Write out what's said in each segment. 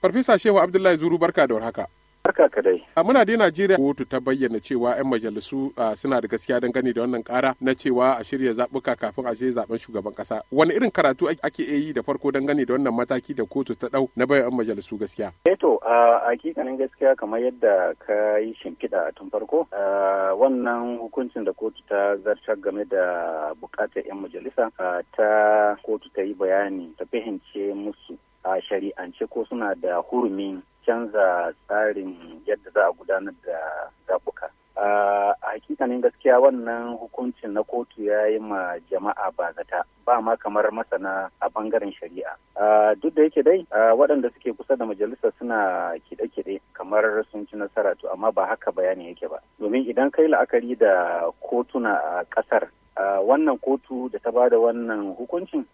Farfesa Shehu Abdullahi Zuru barka da warhaka. Barka ka dai. A muna dai Najeriya kotu ta bayyana cewa 'yan majalisu suna da gaskiya dangane da wannan kara na cewa a shirya zaɓuka kafin a je zaben shugaban ƙasa. Wani irin karatu ake yi da farko dangane da wannan mataki da kotu ta dau na bayan 'yan majalisu gaskiya? Eto, eh a hakikanin gaskiya kamar yadda ka yi shimfiɗa tun farko, wannan hukuncin da kotu ta zartar game da buƙatar 'yan majalisa ta kotu ta yi bayani ta fahimce musu a shari'ance ko suna da hurumin canza tsarin yadda za a gudanar da zaɓuka. a hakikanin gaskiya wannan hukuncin na kotu ya yi ma jama'a ba zata ba ma kamar masana a bangaren shari'a duk da yake dai waɗanda suke kusa da majalisa suna kiɗe-kiɗe kamar sun ci nasara to amma ba haka bayani yake ba domin idan kai la'akari da kotuna a ƙasar wannan kotu da ta bada wannan hukuncin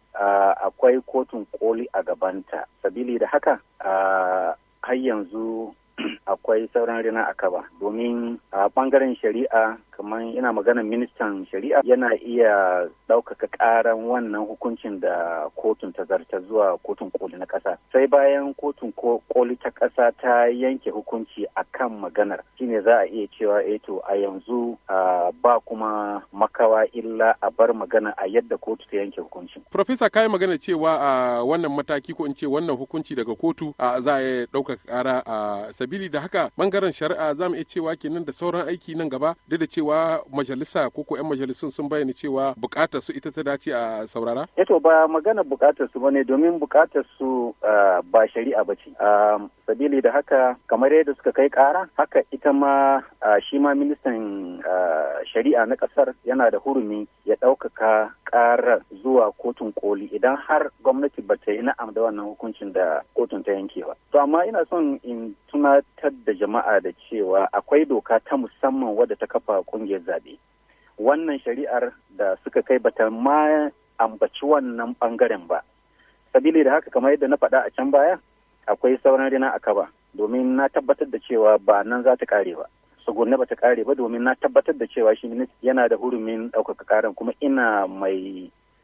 akwai kotun koli a gabanta sabili da haka har yanzu akwai sauran rina a kaba domin a bangaren shari'a kamar ina magana ministan shari'a yana iya ɗaukaka ƙaran wannan hukuncin da kotun ta zarta zuwa kotun koli na ƙasa sai bayan kotun koli ta ƙasa ta yanke hukunci a kan maganar shine za a iya cewa eto eh a yanzu ba kuma makawa illa a bar magana a yadda kotu ta yanke hukunci. Profesa kayi magana cewa a wannan mataki ko in ce wannan hukunci daga kotu za a ɗaukaka ƙara a sabili da haka bangaren shari'a za mu iya cewa kenan da sauran aiki nan gaba duk da cewa majalisa ko ko yan majalisun sun bayyana cewa bukatar su ita ta dace a saurara? Eto eh ba magana bukatar su ne domin bukatar su ba shari'a ba ce. Sabili da haka kamar yadda suka kai kara haka ita ma shi ma ministan shari'a na kasar yana da hurumi ya ɗaukaka kara zuwa kotun koli idan har gwamnati ba ta yi na'am da wannan hukuncin da kotun ta yanke ba. To amma ina son in tunatar da jama'a da cewa akwai doka ta musamman wadda ta kafa ƙungiyar zaɓe. Wannan shari'ar da suka kai ba ta ma ambaci wannan ɓangaren ba. sabili da haka kamar yadda na faɗa a can baya akwai sauran rina a kaba domin na tabbatar da cewa ba nan za ta kare ba tsugunne ba ta kare ba domin na tabbatar da cewa shi yana da hurumin ɗaukaka karan kuma ina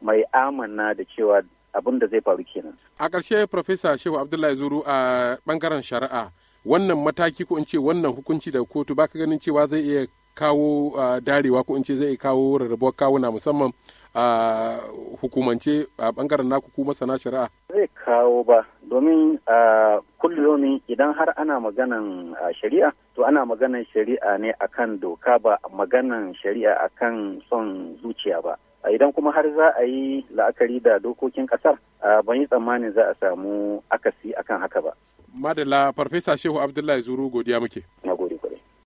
mai amana da cewa abin da zai faru kenan a ƙarshe profesa shehu abdullahi zuru a ɓangaren shari'a wannan mataki ko in ce wannan hukunci da kotu baka ganin cewa zai iya kawo darewa ko in ce zai kawo rarrabuwar kawuna musamman a hukumance a bangaren naku ku masana shari'a? Zai kawo ba domin a kulliyomi idan har ana maganan shari'a to ana maganan shari'a ne akan doka ba maganan shari'a akan son zuciya ba. idan kuma har za a yi la'akari da dokokin kasar ban yi tsammanin za a samu akasi akan haka ba. Madalla Farfesa Shehu Abdullahi Zuru godiya muke.